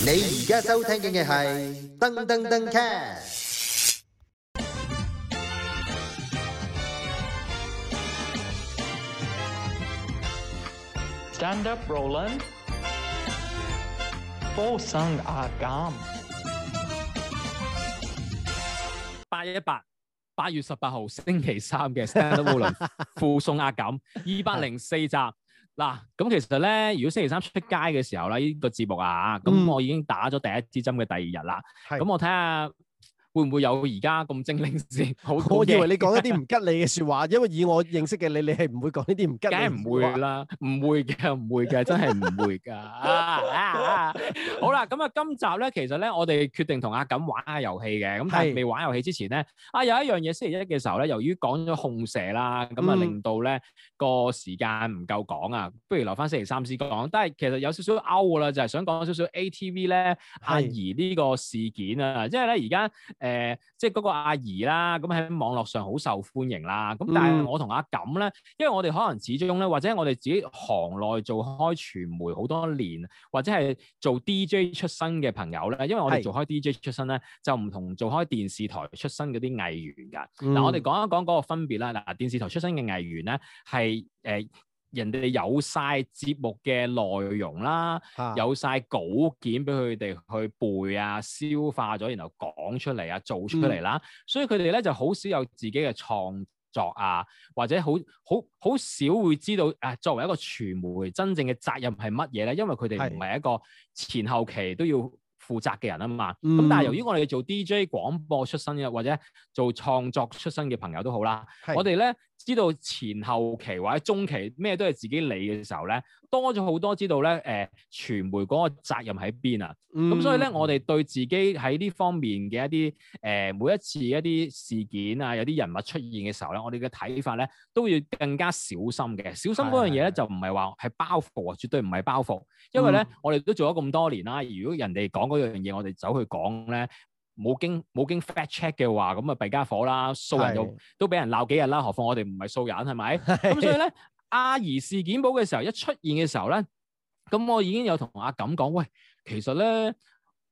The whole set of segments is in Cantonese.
你而家收聽嘅係《噔噔噔 Cast》。Stand Up Roland，附送阿甘。八一一八，八月十八號星期三嘅 Stand Up Roland 附送阿甘，二百零四集。嗱，咁其實咧，如果星期三出街嘅時候咧，呢個節目啊，咁我已經打咗第一支針嘅第二日啦，咁是我睇下。會唔會有而家咁精靈先？好，我以為你講一啲唔吉利嘅説話，因為以我認識嘅你，你係唔會講呢啲唔吉利。梗係唔會啦，唔會嘅，唔會嘅，真係唔會㗎。啊啊！好啦，咁啊，今集咧，其實咧，我哋決定同阿錦玩下遊戲嘅，咁但係未玩遊戲之前咧，啊有一樣嘢，星期一嘅時候咧，由於講咗控蛇啦，咁啊令到咧個時間唔夠講啊，不如留翻星期三先講。但係其實有少少 out 啦，就係想講少少 ATV 咧阿儀呢個事件啊，即係咧而家。誒、呃，即係嗰個阿儀啦，咁、嗯、喺網絡上好受歡迎啦。咁、嗯、但係我同阿錦咧，因為我哋可能始終咧，或者我哋自己行內做開傳媒好多年，或者係做 DJ 出身嘅朋友咧，因為我哋做開 DJ 出身咧，是就唔同做開電視台出身嗰啲藝員㗎。嗱、嗯啊，我哋講一講嗰個分別啦。嗱，電視台出身嘅藝員咧，係誒。呃人哋有晒節目嘅內容啦，啊、有晒稿件俾佢哋去背啊、消化咗，然後講出嚟啊、做出嚟啦，嗯、所以佢哋咧就好少有自己嘅創作啊，或者好好好少會知道啊。作為一個傳媒，真正嘅責任係乜嘢咧？因為佢哋唔係一個前後期都要負責嘅人啊嘛。咁、嗯、但係由於我哋做 DJ 廣播出身嘅，或者做創作出身嘅朋友都好啦，是我哋咧。知道前後期或者中期咩都係自己理嘅時候咧，多咗好多知道咧。誒、呃，傳媒嗰個責任喺邊啊？咁、嗯、所以咧，我哋對自己喺呢方面嘅一啲誒、呃，每一次一啲事件啊，有啲人物出現嘅時候咧，我哋嘅睇法咧都要更加小心嘅。小心嗰樣嘢咧，的就唔係話係包袱啊，絕對唔係包袱。因為咧，嗯、我哋都做咗咁多年啦。如果人哋講嗰樣嘢，我哋走去講咧。冇經冇經 fact check 嘅話，咁啊弊家伙啦！素人又是都俾人鬧幾日啦，何況我哋唔係素人係咪？咁是所以咧，阿儀事件簿嘅時候一出現嘅時候咧，咁我已經有同阿錦講，喂，其實咧，誒、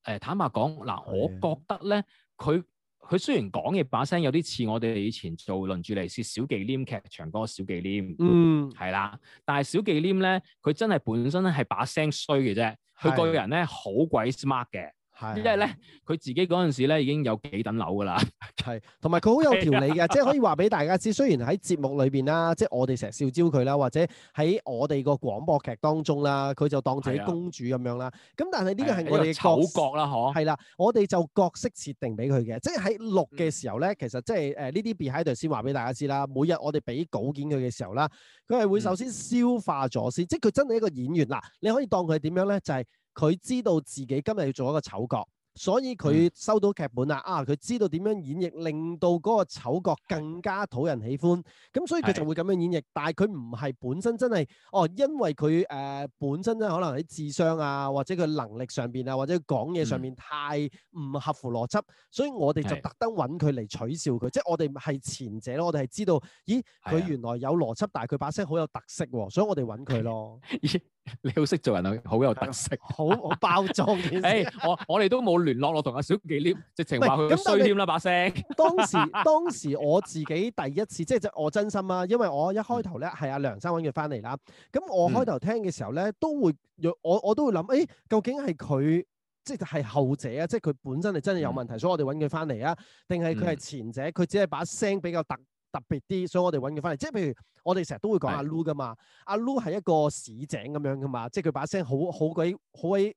呃、坦白講，嗱，我覺得咧，佢佢雖然講嘢把聲有啲似我哋以前做輪住嚟是小忌廉劇場個小忌廉，嗯，係啦，但係小忌廉咧，佢真係本身咧係把聲衰嘅啫，佢個人咧好鬼 smart 嘅。是係，即係咧，佢自己嗰陣時咧已經有幾等樓噶啦，係，同埋佢好有條理嘅，是的 即係可以話俾大家知。雖然喺節目裏邊啦，即係我哋成日笑招佢啦，或者喺我哋個廣播劇當中啦，佢就當自己公主咁樣啦。咁是的 但係呢個係我哋嘅丑角啦，嗬？係啦，我哋就角色設定俾佢嘅，的即係喺錄嘅時候咧，嗯、其實即係誒呢啲 b 喺度先話俾大家知啦。每日我哋俾稿件佢嘅時候啦，佢係會首先消化咗先，嗯、即係佢真係一個演員啦，你可以當佢係點樣咧？就係、是。佢知道自己今日要做一個丑角，所以佢收到劇本，嗯、啊、啊，佢知道點樣演繹令到嗰個丑角更加討人喜歡，咁所以佢就會咁樣演繹。是的 但係佢唔係本身真係哦，因為佢誒、呃、本身咧可能喺智商啊，或者佢能力上邊啊，或者講嘢上面太唔合乎邏輯，嗯、所以我哋就特登揾佢嚟取笑佢，是的 即係我哋係前者咯。我哋係知道，咦，佢原來有邏輯，但係佢把聲好有特色，啊，所以我哋揾佢咯。是的 你好識做人啊，好有特色， 好，我包裝。誒、 hey，我我哋都冇聯絡落同阿小記僆， 是直情話佢衰添啦把聲。你啊、當時， 當，時當時我自己第一次，即係即我真心啊，因為我一開頭咧係阿梁生揾佢翻嚟啦。咁我開頭聽嘅時候咧，都會我我都會諗，誒、哎、究竟係佢即係後者啊，即係佢本身係真係有問題，嗯、所以我哋揾佢翻嚟啊，定係佢係前者，佢只係把聲比較特別。特別啲，所以我哋揾佢翻嚟，即係譬如我哋成日都會講阿 Lu 噶嘛，是的 阿 Lu 係一個市井咁樣噶嘛，即係佢把聲好好鬼好鬼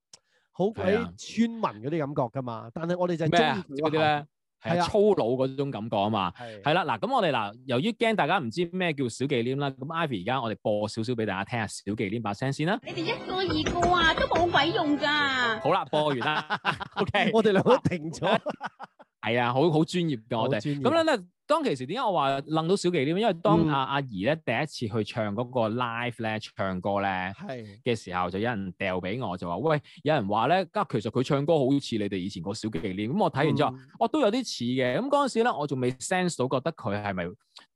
好鬼村民嗰啲感覺噶嘛，但係我哋就係中意啲咧，係啊、就是、的粗魯嗰種感覺啊嘛，係啦嗱，咁我哋嗱，由於驚大家唔知咩叫小忌廉啦，咁 Ivy 而家我哋播少少俾大家聽下小忌廉把聲先啦。你哋一個二個啊，都冇鬼用㗎。好啦，播完啦 ，OK，我哋兩個都停咗。 係啊，好好專業嘅我哋。咁咧咧，當其時點解我話楞到小忌廉？因為當、啊嗯、阿阿儀咧第一次去唱嗰個 live 咧唱歌咧嘅是時候，就有人掉俾我，就話：喂，有人話咧，其實佢唱歌好似你哋以前個小忌廉。」咁我睇完之後，我都有啲似嘅。咁嗰陣時咧，我仲未 sense 到覺得佢係咪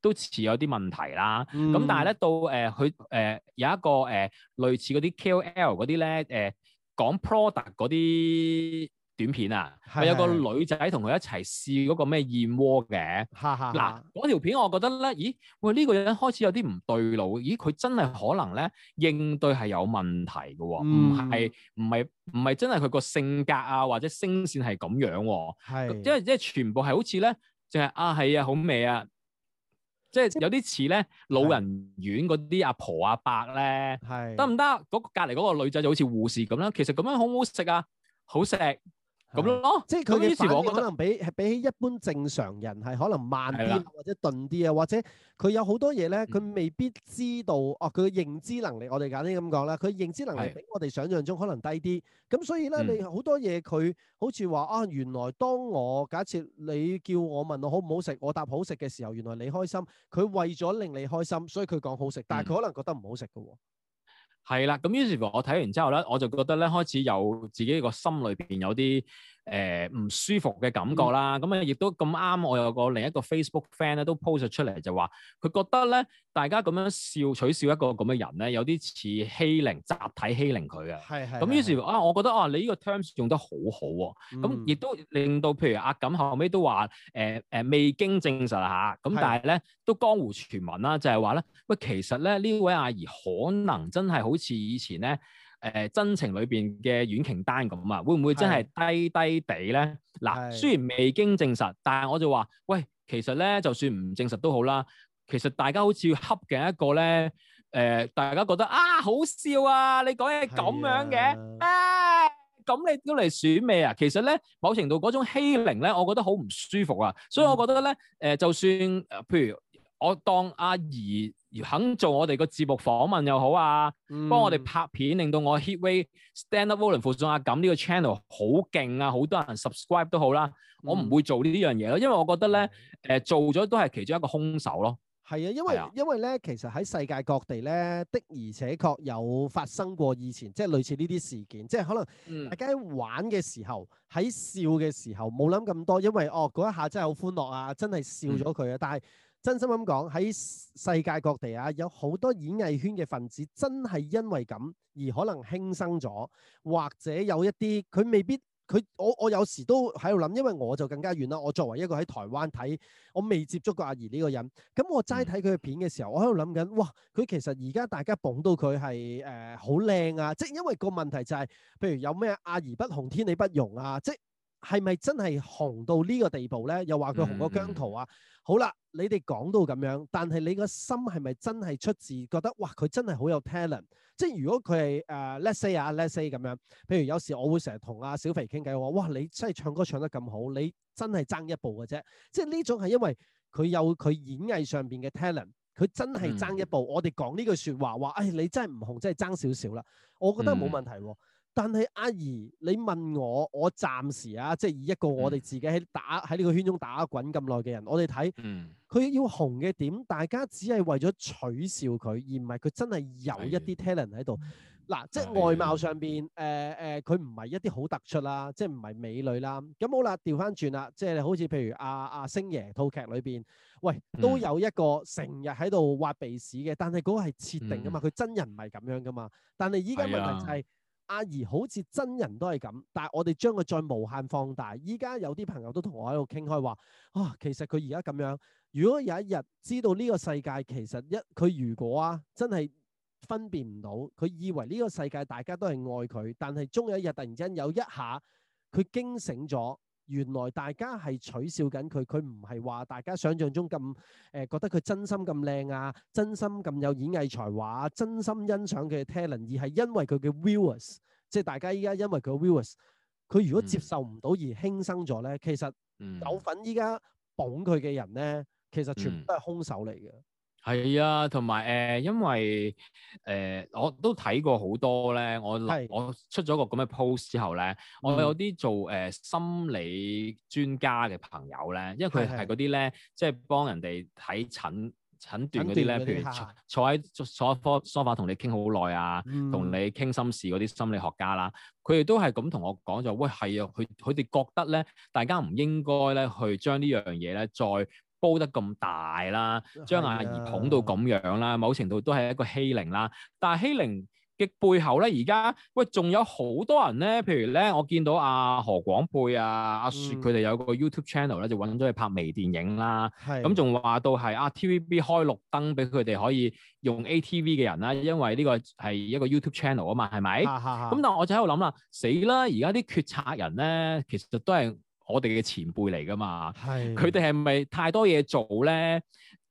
都似有啲問題啦。咁、嗯、但係咧，到誒佢誒有一個誒、呃、類似嗰啲 KOL 嗰啲咧誒講 product 嗰啲。短片啊，係是有個女仔同佢一齊試嗰個咩燕窩嘅。嗱，嗰、啊、條片我覺得咧，咦，喂呢、呢個人開始有啲唔對路。咦，佢真係可能咧應對係有問題嘅、哦，唔係唔係唔係真係佢個性格啊或者聲線係咁樣、啊。係是，因為即係全部係好似咧，就係啊係啊好味啊，即係有啲似咧老人院嗰啲阿婆阿、啊、伯咧。係是。得唔得？隔離嗰個女仔就好似護士咁啦、啊。其實咁樣好唔好食啊？好食、啊。好咁咯，即係佢啲反應可能比比起一般正常人係可能慢啲的或者頓啲啊，或者佢有好多嘢咧，佢未必知道、嗯、哦。佢嘅認知能力，我哋簡單咁講咧，佢認知能力比我哋想象中可能低啲。咁所以咧，嗯、你多好多嘢佢好似話啊，原來當我假設你叫我問我好唔好食，我答好食嘅時候，原來你開心。佢為咗令你開心，所以佢講好食，嗯、但係佢可能覺得唔好食嘅喎。係啦，咁於是乎我睇完之後咧，我就覺得咧，開始有自己個心裏邊有啲。誒唔、呃、舒服嘅感覺啦，咁啊亦都咁啱，我有個另一個 Facebook fan 咧都 post 咗出嚟就話，佢覺得咧大家咁樣笑取笑一個咁嘅人咧，有啲似欺凌，集體欺凌佢嘅。係係是、嗯。咁於是啊，我覺得啊，你呢個 terms 用得好好喎，咁亦都令到譬如阿錦後尾都話，誒、呃、誒、呃、未經證實嚇，咁、嗯、但係咧的都江湖傳聞啦、啊，就係話咧，喂其實咧呢，實呢位阿儀可能真係好似以前咧。誒、呃、真情裏邊嘅婉瓊單咁啊，會唔會真係低低地咧？嗱的，雖然未經證實，但係我就話，喂，其實咧，就算唔證實都好啦。其實大家好似要恰嘅一個咧，誒、呃，大家覺得啊，好笑啊，你講嘢咁樣嘅，的啊，咁你都嚟選美啊？其實咧，某程度嗰種欺凌咧，我覺得好唔舒服啊。所以，我覺得咧，誒、嗯呃，就算譬如我當阿儀。肯做我哋個節目訪問又好啊，幫、嗯、我哋拍片，令到我 hitway stand up volun 附上啊，咁呢個 channel 好勁啊，好多人 subscribe 都好啦。我唔會做呢樣嘢咯，因為我覺得咧，誒、呃、做咗都係其中一個兇手咯。係啊，因為因為咧，其實喺世界各地咧，的而且確有發生過以前即係類似呢啲事件，即係可能大家玩嘅時候，喺、嗯、笑嘅時候冇諗咁多，因為哦嗰一下真係好歡樂啊，真係笑咗佢啊，但係。真心咁講，喺世界各地啊，有好多演藝圈嘅分子真係因為咁而可能輕生咗，或者有一啲佢未必佢，我我有時都喺度諗，因為我就更加遠啦。我作為一個喺台灣睇，我未接觸過阿儀呢個人。咁我齋睇佢嘅片嘅時候，我喺度諗緊，哇！佢其實而家大家捧到佢係誒好靚啊，即係因為個問題就係，譬如有咩阿儀不紅，天理不容啊，即係咪真係紅到呢個地步咧？又話佢紅過姜濤啊。 好啦，你哋講到咁樣，但係你個心係咪真係出自覺得哇，佢真係好有 talent，即係如果佢係誒、uh, let’s say 啊、uh, let’s say 咁樣，譬如有時我會成日同阿小肥傾偈，我話哇，你真係唱歌唱得咁好，你真係爭一步嘅啫。即係呢種係因為佢有佢演藝上邊嘅 talent，佢真係爭一步。 我哋講呢句説話話，唉、哎，你真係唔紅，真係爭少少啦。我覺得冇問題喎、啊。但係，阿儀，你問我，我暫時啊，即係以一個我哋自己喺打喺呢、嗯、個圈中打滾咁耐嘅人，我哋睇佢要紅嘅點，大家只係為咗取笑佢，而唔係佢真係有一啲 talent 喺度。嗱、嗯，即係外貌上邊誒誒，佢唔係一啲好突出啦，即係唔係美女啦。咁好啦，調翻轉啦，即係好似譬如阿、啊、阿、啊、星爺套劇裏邊，喂，都有一個成日喺度挖鼻屎嘅，但係嗰個係設定噶嘛，佢、嗯、真人唔係咁樣噶嘛。但係依家問題就係、嗯。阿儀好似真人都係咁，但係我哋將佢再無限放大。依家有啲朋友都同我喺度傾開話啊，其實佢而家咁樣，如果有一日知道呢個世界其實一佢如果啊真係分辨唔到，佢以為呢個世界大家都係愛佢，但係終有一日突然間有一下佢驚醒咗。原來大家係取笑緊佢，佢唔係話大家想象中咁誒、呃、覺得佢真心咁靚啊，真心咁有演藝才華，真心欣賞佢嘅 talent，而係因為佢嘅 viewers，即係大家依家因為佢嘅 viewers，佢如果接受唔到而輕生咗咧，其實有份依家捧佢嘅人咧，其實全部都係兇手嚟嘅。係啊，同埋誒，因為誒、呃，我都睇過好多咧。我是我出咗個咁嘅 post 之後咧，嗯、我有啲做誒、呃、心理專家嘅朋友咧，因為佢係嗰啲咧，即係是幫人哋睇診診斷嗰啲咧，譬如坐喺坐喺科梳化同你傾好耐啊，同、嗯、你傾心事嗰啲心理學家啦，佢哋都係咁同我講就，喂，係啊，佢佢哋覺得咧，大家唔應該咧去將呢樣嘢咧再。煲得咁大啦，將阿儀捧到咁樣啦，是啊、某程度都係一個欺凌啦。但係欺凌嘅背後咧，而家喂仲有好多人咧，譬如咧，我見到阿、啊、何廣佩啊、阿雪佢哋有個 YouTube channel 咧，就揾咗去拍微電影啦。係咁是、啊嗯，仲話到係啊 TVB 開綠燈俾佢哋可以用 ATV 嘅人啦，因為呢個係一個 YouTube channel 啊嘛，係咪？啊咁、嗯、但我就喺度諗啦，死啦！而家啲決策人咧，其實就都係。我哋嘅前輩嚟㗎嘛，佢哋係咪太多嘢做咧？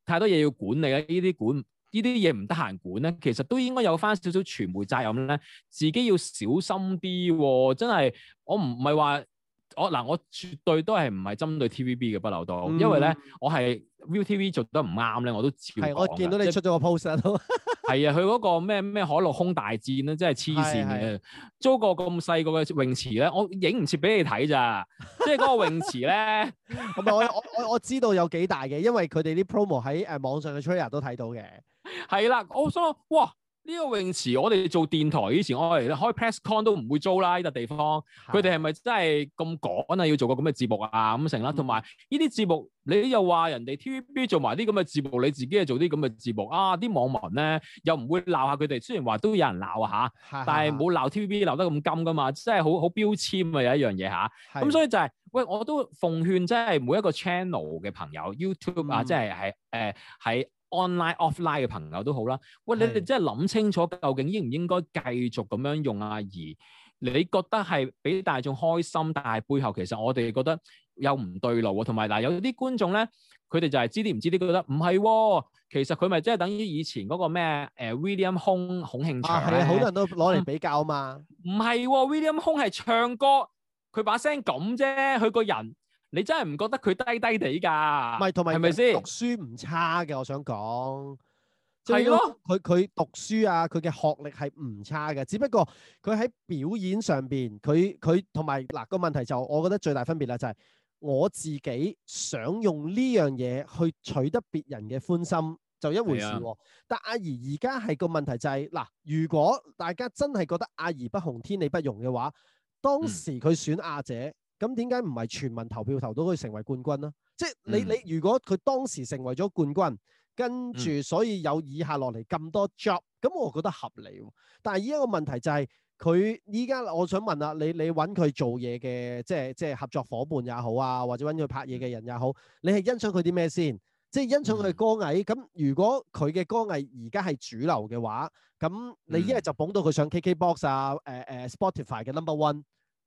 太多嘢要管理啊！呢啲管，管呢啲嘢唔得閒管咧，其實都應該有返少少傳媒責任咧，自己要小心啲、哦。真係我唔係話我嗱，我絕對都係唔係針對 TVB 嘅不留當，嗯、因為咧我係 ViuTV 做得唔啱咧，我都係我見到你出咗個 poster 即。 係啊，佢嗰個咩咩海陸空大戰咧，真係黐線嘅，的租個咁細個嘅泳池咧，我影唔切俾你睇咋，即係嗰個泳池咧，唔 係我我我我知道有幾大嘅，因為佢哋啲 promo 喺誒、呃、網上嘅 trailer 都睇到嘅，係啦，我想哇。呢個泳池，我哋做電台以前，我哋開 press con 都唔會租啦。呢、這、笪、個、地方，佢哋係咪真係咁趕啊？要做個咁嘅節目啊，咁成啦。同埋呢啲節目，你又話人哋 TVB 做埋啲咁嘅節目，你自己又做啲咁嘅節目。啊？啲網民咧又唔會鬧下佢哋，雖然話都有人鬧下，的但係冇鬧 TVB 鬧得咁金噶嘛。真係好好標籤啊，有一樣嘢吓。咁的所以就係、是，喂，我都奉勸，真係每一個 channel 嘅朋友 YouTube 啊，即係係誒喺。online、offline 嘅朋友都好啦，喂，你哋真係諗清楚究竟應唔應該繼續咁樣用阿儀，你覺得係俾大眾開心，但係背後其實我哋覺得、啊、有唔對路喎。同埋嗱，有啲觀眾咧，佢哋就係知啲唔知啲，覺得唔係、啊，其實佢咪真係等於以前嗰個咩誒、啊、William Hung 孔慶祥、啊，係好、啊、多人都攞嚟比較啊嘛。唔係、嗯啊、William Hung 係唱歌，佢把聲咁啫，佢個人。你真係唔覺得佢低低地噶？唔係，同埋係咪先讀書唔差嘅？我想講係咯，佢佢、啊、讀書啊，佢嘅學歷係唔差嘅。只不過佢喺表演上邊，佢佢同埋嗱個問題就，我覺得最大分別啦，就係、是、我自己想用呢樣嘢去取得別人嘅歡心，就一回事、啊。啊、但阿儀而家係個問題就係、是、嗱，如果大家真係覺得阿儀不紅，天理不容嘅話，當時佢選阿姐。嗯咁點解唔係全民投票投到可以成為冠軍咧？即係你、嗯、你如果佢當時成為咗冠軍，跟住所以有以下落嚟咁多 job，咁我覺得合理、哦。但係依家個問題就係佢依家，我想問啊，你你揾佢做嘢嘅即係即係合作伙伴也好啊，或者揾佢拍嘢嘅人也好，你係欣賞佢啲咩先？即係欣賞佢歌藝。咁、嗯、如果佢嘅歌藝而家係主流嘅話，咁你一係就捧到佢上 KKBox 啊，誒、呃、誒、呃、Spotify 嘅 Number One。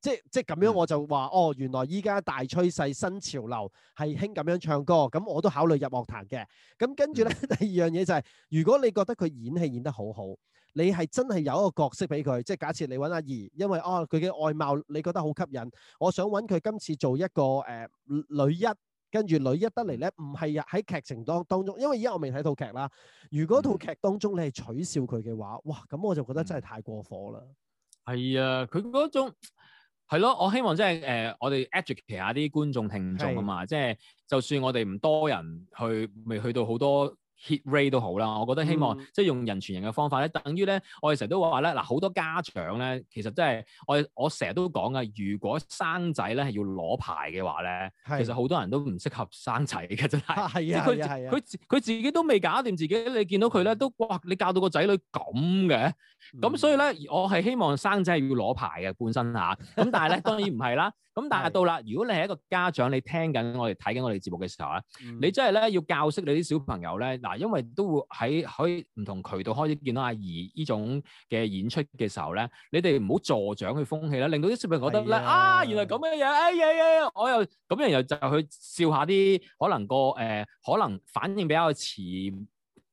即即咁樣我就話哦，原來依家大趨勢新潮流係興咁樣唱歌，咁我都考慮入樂壇嘅。咁跟住呢，第二樣嘢就係、是，如果你覺得佢演戲演得好好，你係真係有一個角色俾佢，即係假設你揾阿儀，因為哦佢嘅外貌你覺得好吸引，我想揾佢今次做一個誒、呃、女一，跟住女一得嚟呢，唔係喺劇情當當中，因為而家我未睇套劇啦。如果套劇當中你係取笑佢嘅話，哇，咁我就覺得真係太過火啦。係啊，佢嗰種。係咯，我希望即係誒，我哋 educate 下啲觀眾聽眾啊嘛，是即係就算我哋唔多人去，未去到好多 hit rate 都好啦。我覺得希望、嗯、即係用人傳人嘅方法咧，等於咧，我哋成日都話話咧，嗱好多家長咧，其實真、就、係、是、我我成日都講噶，如果生仔咧係要攞牌嘅話咧，是其實好多人都唔適合生仔嘅，真係。即係佢佢佢自己都未搞掂自己，你見到佢咧都哇，你教到個仔女咁嘅。咁、嗯、所以咧，我係希望生仔係要攞牌嘅，本身下。咁、嗯、但係咧，當然唔係啦。咁 但係到啦，如果你係一個家長，你聽緊我哋睇緊我哋節目嘅時候咧，嗯、你真係咧要教識你啲小朋友咧。嗱，因為都會喺可以唔同渠道開始見到阿儀呢種嘅演出嘅時候咧，你哋唔好助長佢風氣啦，令到啲小朋友覺得咧啊，啊，原來咁嘅嘢，哎呀，呀呀，我又咁樣又就去笑一下啲可能個誒、呃，可能反應比較遲。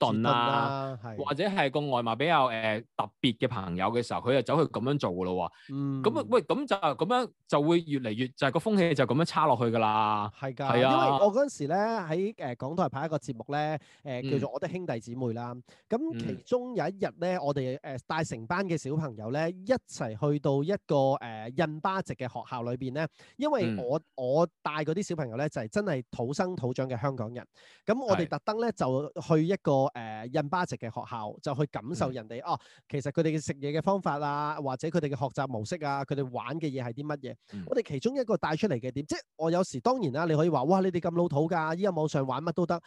頓啊，或者係個外貌比較誒特別嘅朋友嘅時候，佢就走去咁樣做㗎咯喎。嗯。咁啊喂，咁就咁樣就會越嚟越就係個風氣就咁樣差落去㗎啦。係㗎。係啊。因為我嗰陣時咧喺誒港台拍一個節目咧，誒叫做《我的兄弟姊妹》啦。咁其中有一日咧，我哋誒帶成班嘅小朋友咧一齊去到一個誒印巴籍嘅學校裏邊咧，因為我我帶嗰啲小朋友咧就係真係土生土長嘅香港人。咁我哋特登咧就去一個。誒、呃、印巴籍嘅學校就去感受人哋、嗯、哦，其實佢哋嘅食嘢嘅方法啊，或者佢哋嘅學習模式啊，佢哋玩嘅嘢係啲乜嘢？嗯、我哋其中一個帶出嚟嘅點，即係我有時當然啦，你可以話哇，你哋咁老土㗎，依家網上玩乜都得。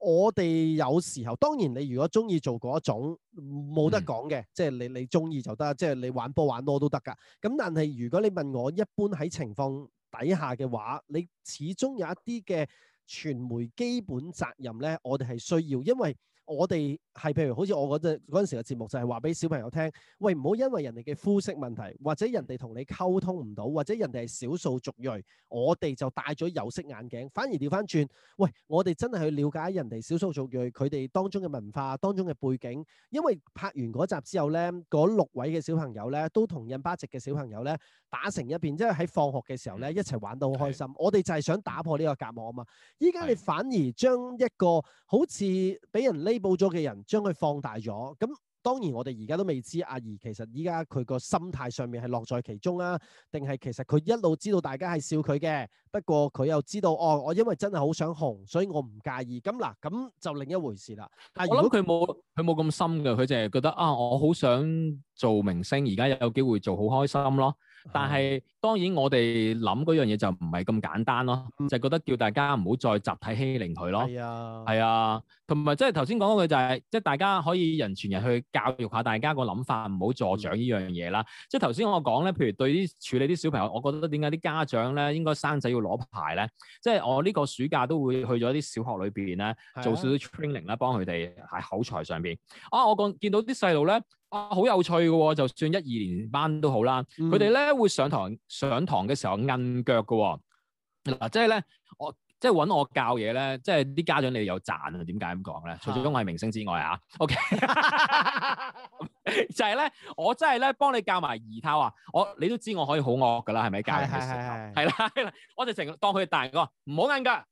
我哋有時候當然，你如果中意做嗰一種冇得講嘅、嗯，即係你你中意就得，即係你玩波玩多都得㗎。咁但係如果你問我一般喺情況底下嘅話，你始終有一啲嘅傳媒基本責任咧，我哋係需要，因為。我哋係譬如好似我嗰陣嗰陣時嘅節目，就係話俾小朋友聽，喂，唔好因為人哋嘅膚色問題，或者人哋同你溝通唔到，或者人哋係少數族裔，我哋就戴咗有色眼鏡，反而調翻轉。喂，我哋真係去了解人哋少數族裔佢哋當中嘅文化、當中嘅背景。因為拍完嗰集之後咧，嗰六位嘅小朋友咧，都同印巴籍嘅小朋友咧打成一片，即係喺放學嘅時候咧一齊玩到好開心。我哋就係想打破呢個隔膜啊嘛。依家你反而將一個好似俾人呢～報咗嘅人將佢放大咗，咁當然我哋而家都未知阿儀其實依家佢個心態上面係樂在其中啊，定係其實佢一路知道大家係笑佢嘅，不過佢又知道哦，我因為真係好想紅，所以我唔介意。咁嗱，咁就另一回事啦。但如果佢冇佢冇咁深嘅，佢就係覺得啊，我好想做明星，而家有有機會做好開心咯。但係、嗯、當然我哋諗嗰樣嘢就唔係咁簡單咯，嗯、就係覺得叫大家唔好再集體欺凌佢咯。係啊，係啊。同埋即係頭先講嗰句就係，即係大家可以人傳人去教育下大家個諗法，唔好助長呢樣嘢啦。即係頭先我講咧，譬如對啲處理啲小朋友，我覺得點解啲家長咧應該生仔要攞牌咧？即係我呢個暑假都會去咗啲小學裏邊咧做少少 training 啦，幫佢哋喺口才上邊。啊，我講見到啲細路咧，啊好有趣嘅喎，就算一二年班都好啦，佢哋咧會上堂上堂嘅時候韌腳嘅喎。嗱，即係咧。即係揾我教嘢咧，即係啲家長你哋有賺啊？點解咁講咧？除咗我係明星之外啊，OK， 就係咧，我真係咧幫你教埋二套啊！我你都知我可以是是好惡噶啦，係咪教佢？係係係，係啦，我就成日當佢大人講唔好硬㗎，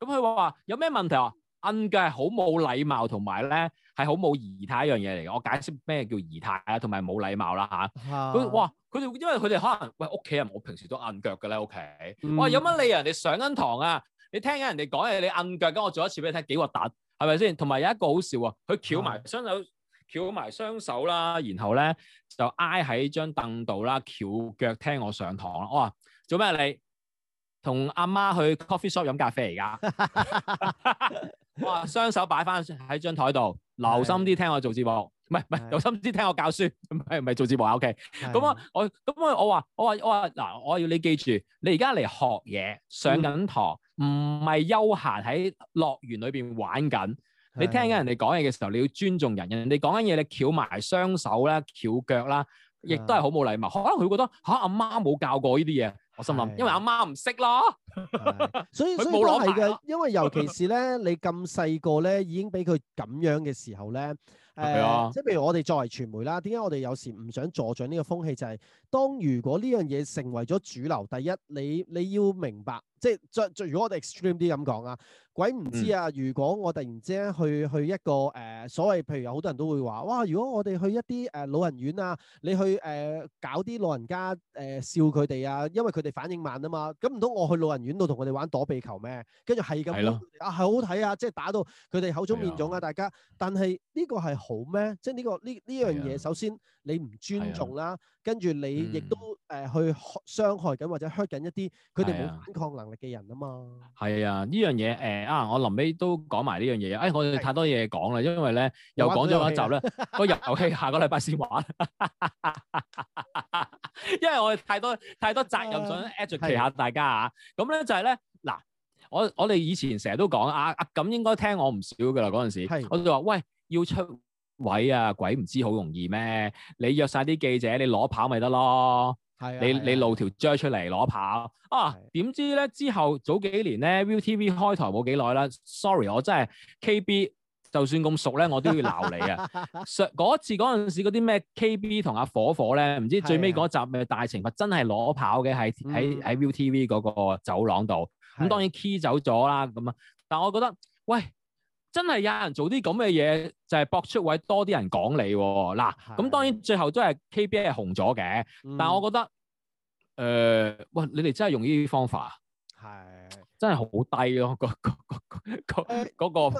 咁佢話有咩問題啊？摁腳係好冇禮貌，同埋咧係好冇儀態一樣嘢嚟。我解釋咩叫儀態啊，同埋冇禮貌啦嚇。佢哇，佢哋因為佢哋可能喂屋企人，我平時都摁腳嘅咧。O.K.、嗯、哇，有乜理由人哋上緊堂啊？你聽緊人哋講嘢，你摁腳咁，我做一次俾你聽，幾核突係咪先？同埋有一個好笑啊，佢翹埋雙手，翹埋雙手啦，然後咧就挨喺張凳度啦，翹腳聽我上堂。我話做咩、啊、你同阿媽，媽去 coffee shop 飲咖啡而家？ 我話 雙手擺翻喺張台度，留心啲聽我做節目，唔係唔係留心啲聽我教書，唔係唔係做節目 OK，咁的我咁我我話我話我話嗱，我要你記住，你而家嚟學嘢，上緊堂，唔係、嗯、休閒喺樂園裏邊玩緊。你聽緊人哋講嘢嘅時候，你要尊重人。人哋講緊嘢，你翹埋雙手啦、翹腳啦，亦都係好冇禮貌。可能佢覺得嚇阿、啊、媽冇教過呢啲嘢。我心諗，的因為阿媽唔識咯，所以所以都係嘅。 啊、因為尤其是咧， 你咁細個咧，已經俾佢咁樣嘅時候咧，誒、呃，的即係譬如我哋作為傳媒啦，點解我哋有時唔想助長呢個風氣、就係？就係當如果呢樣嘢成為咗主流，第一，你你要明白。即係最最，如果我哋 extreme 啲咁講啊，鬼唔知啊！如果我突然之間去去一個誒、呃、所謂，譬如有好多人都會話，哇！如果我哋去一啲誒、呃、老人院啊，你去誒、呃、搞啲老人家誒、呃、笑佢哋啊，因為佢哋反應慢啊嘛，咁唔通我去老人院度同佢哋玩躲避球咩？跟住係咁咯，的啊係好睇啊！即係打到佢哋口腫面腫啊，的大家。但係呢個係好咩？即係、呢、呢個呢呢樣嘢，的首先。你唔尊重啦，跟住你亦都誒、呃、去傷害緊或者 hurt 緊一啲佢哋冇反抗能力嘅人啊嘛。係啊，呢樣嘢誒啊，我臨尾都講埋呢樣嘢啊！我哋太多嘢講啦，因為咧又講咗一集咧個遊戲，下個禮拜先玩， 因為我哋太多太多責任想 educate 下大家啊。咁咧、啊、就係咧嗱，我我哋以前成日都講啊，咁、啊、應該聽我唔少噶啦嗰陣時，的我就話喂要出。位啊，鬼唔知好容易咩？你約晒啲記者，你攞跑咪得咯。係、啊，你你露條鋸出嚟攞跑。啊，點是的 知咧？之後早幾年咧 ViuTV 開台冇幾耐啦。Sorry，我真係 KB，就算咁熟咧，我都要鬧你啊。上嗰 次嗰陣時，嗰啲咩 KB 同阿火火咧，唔知是的 最尾嗰集咪大懲罰真係攞跑嘅，喺喺喺 ViuTV 嗰個走廊度。咁的當然 key 走咗啦，咁啊。但係我覺得，喂。真係有人做啲咁嘅嘢，就係、是、博出位多啲人講你喎、哦。嗱，咁是、嗯嗯、當然最後都係 KBA 紅咗嘅，但係我覺得，誒、呃，喂，你哋真係用呢啲方法啊？係。真係好低咯、啊，個個個個嗰、呃這個嗰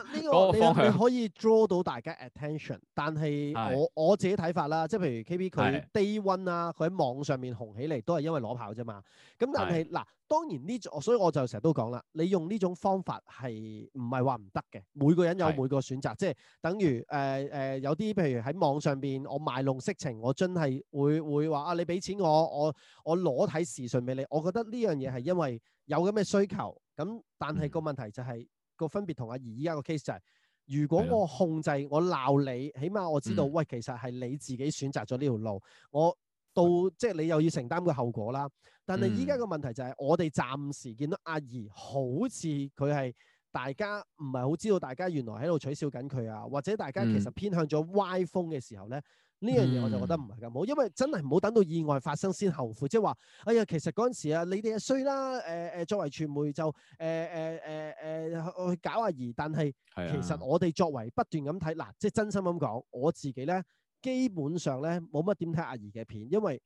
個方向，你你可以 draw 到大家 attention，但係我是我自己睇法啦，即係譬如 K B 佢 day one 啦、啊，佢喺網上面紅起嚟都係因為攞炮啫嘛。咁但係嗱是，當然呢所以我就成日都講啦，你用呢種方法係唔係話唔得嘅？每個人有每個選擇，是即係等於誒誒、呃呃、有啲譬如喺網上邊我賣弄色情，我真係會會話啊，你俾錢我，我我裸體視訊俾你，我覺得呢樣嘢係因為有咁嘅需求。咁，嗯、但係個問題就係、是嗯、個分別同阿儀依家個 case 就係、是，如果我控制、嗯、我鬧你，起碼我知道，嗯、喂，其實係你自己選擇咗呢條路，我到、嗯、即係你又要承擔個後果啦。但係依家個問題就係、是，嗯、我哋暫時見到阿儀好似佢係大家唔係好知道，大家原來喺度取笑緊佢啊，或者大家其實偏向咗歪風嘅時候咧。嗯呢樣嘢我就覺得唔係咁好，因為真係唔好等到意外發生先後悔，即係話：哎呀，其實嗰陣時啊，你哋係衰啦。誒、呃、誒，作為傳媒就誒誒誒誒去搞阿儀，但係其實我哋作為不斷咁睇，嗱、啊，即係真心咁講，我自己咧基本上咧冇乜點睇阿儀嘅片，因為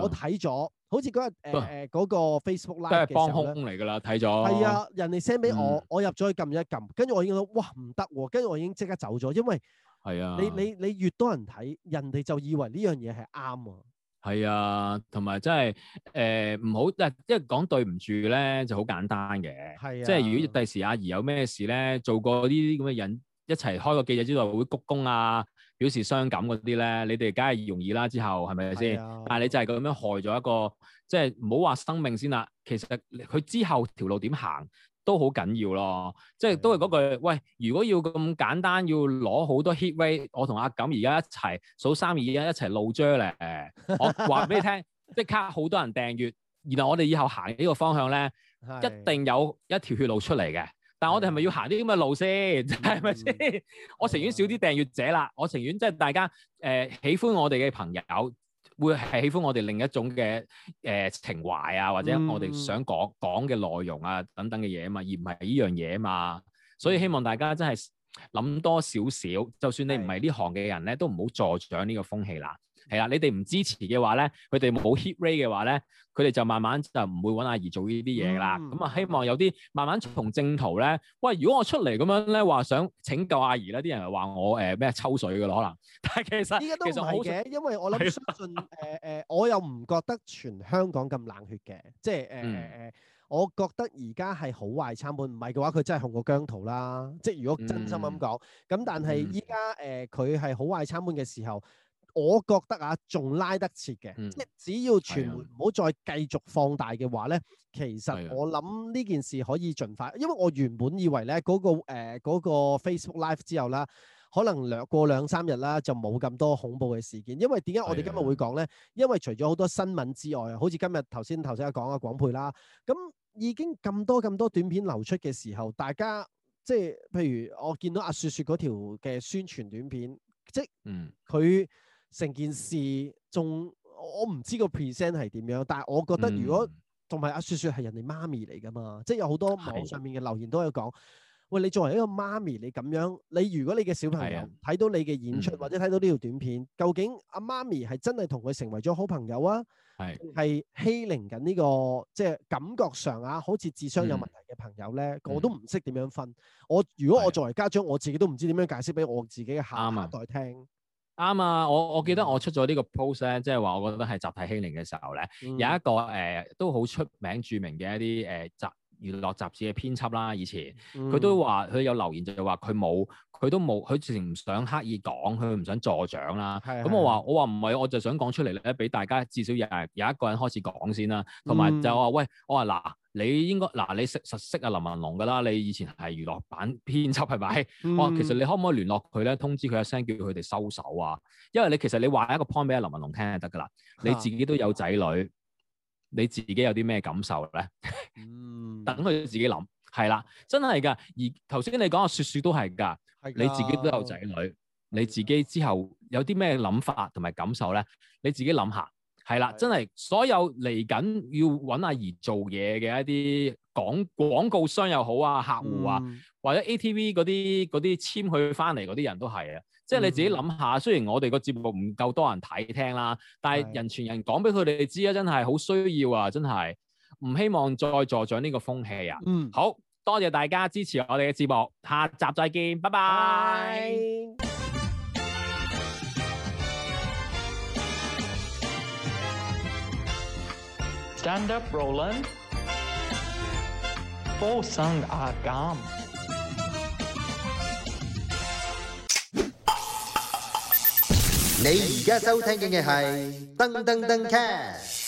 我睇咗，啊、好似嗰日誒誒嗰個 Facebook Live 嘅時候幫兇嚟㗎啦，睇咗。係啊，人哋 send 俾我，嗯、我入咗去撳一撳，跟住我已經覺得哇唔得喎，跟住、啊、我已經即刻走咗，因為。係啊，你你你越多人睇，人哋就以為呢樣嘢係啱啊。係啊，同埋真係誒唔好，嗱、呃，即係講對唔住咧就好簡單嘅。係啊，即係如果第時阿儀有咩事咧，做過呢啲咁嘅人一齊開個記者招待會鞠躬啊，表示傷感嗰啲咧，你哋梗係容易啦。之後係咪先？是是啊、但係你就係咁樣害咗一個，即係唔好話生命先啦。其實佢之後條路點行？都好緊要咯，即係都係嗰句，的喂！如果要咁簡單，要攞好多 hitway，我同阿錦而家一齊數三二一，一齊露 J，我話俾你聽，即刻好多人訂閱，然後我哋以後行呢個方向咧，的一定有一條血路出嚟嘅。但係我哋係咪要行啲咁嘅路先？係咪先？我情願少啲訂閱者啦，我情願即係大家誒、呃、喜歡我哋嘅朋友。會係喜歡我哋另一種嘅誒、呃、情懷啊，或者我哋想講講嘅內容啊，等等嘅嘢啊嘛，而唔係呢樣嘢啊嘛，所以希望大家真係諗多少少，就算你唔係呢行嘅人咧，都唔好助長呢個風氣啦。係啦，你哋唔支持嘅話咧，佢哋冇 hit rate 嘅話咧，佢哋就慢慢就唔會揾阿儀做呢啲嘢啦。咁啊、嗯嗯，希望有啲慢慢從正途咧。喂，如果我出嚟咁樣咧，話想拯救阿儀咧，啲人話我誒咩、呃、抽水嘅咯，可能。但係其實其實好嘅，因為我諗相信誒誒，我又唔覺得全香港咁冷血嘅，即係誒誒我覺得而家係好壞參半。唔係嘅話，佢真係紅過姜濤啦。即係如果真心咁講，咁、嗯嗯、但係依家誒佢係好壞參半嘅時候。我覺得啊，仲拉得切嘅，嗯、只要傳媒唔好再繼續放大嘅話呢，的其實我諗呢件事可以盡快，的因為我原本以為呢嗰、嗰個誒、呃嗰個、Facebook Live 之後啦，可能兩、過兩三日啦就冇咁多恐怖嘅事件，因為點解我哋今日會講呢？的因為除咗好多新聞之外，好似今日頭先頭先講啊廣配啦，咁已經咁多咁多短片流出嘅時候，大家即係譬如我見到阿雪雪嗰條嘅宣傳短片，即係佢。嗯成件事仲我唔知個 present 係點樣，但係我覺得如果同埋、嗯、阿雪雪係人哋媽咪嚟㗎嘛，即係有好多網上面嘅留言都有講：的喂，你作為一個媽咪，你咁樣，你如果你嘅小朋友睇到你嘅演出、嗯、或者睇到呢條短片，究竟阿媽咪係真係同佢成為咗好朋友啊？係係的欺凌緊呢、呢個即係、就是、感覺上啊，好似智商有問題嘅朋友咧，我、嗯、都唔識點樣分。嗯、我如果我作為家長，我自己都唔知點樣解釋俾我自己嘅下一代聽。啱啊！我我記得我出咗呢個 post 咧，即係話我覺得係集體欺凌嘅時候咧，嗯、有一個誒、呃、都好出名著名嘅一啲誒、呃、集娛樂雜誌嘅編輯啦，以前佢、嗯、都話佢有留言就係話佢冇，佢都冇，佢直情唔想刻意講，佢唔想助長啦。咁的我話我話唔係，我就想講出嚟咧，俾大家至少有有一個人開始講先啦。同埋就話、嗯、喂，我話嗱，你應該嗱，你，你實熟識阿林文龍噶啦，你以前係娛樂版編輯係咪？嗯、我話其實你可唔可以聯絡佢咧，通知佢一聲，叫佢哋收手啊？因為你其實你話一個 point 俾阿林文龍聽就得噶啦，你自己都有仔女。嗯嗯。你自己有啲咩感受咧？嗯，等佢自己諗，係啦，真係噶。而頭先你講嘅説説都係噶，的你自己都有仔女，的你自己之後有啲咩諗法同埋感受咧？你自己諗下，係啦，的真係所有嚟緊要揾阿儀做嘢嘅一啲廣廣告商又好啊，客戶啊，嗯、或者 A T V 嗰啲啲簽佢翻嚟嗰啲人都係啊。即係你自己諗下，嗯、雖然我哋個節目唔夠多人睇聽啦，但係人傳人講俾佢哋知啊，真係好需要啊，真係唔希望再助長呢個風氣啊。嗯，好多謝大家支持我哋嘅節目，下集再見，拜拜。Bye. Stand up, Roland. Full song, I got. 你而家收聽嘅係噔噔噔 cast。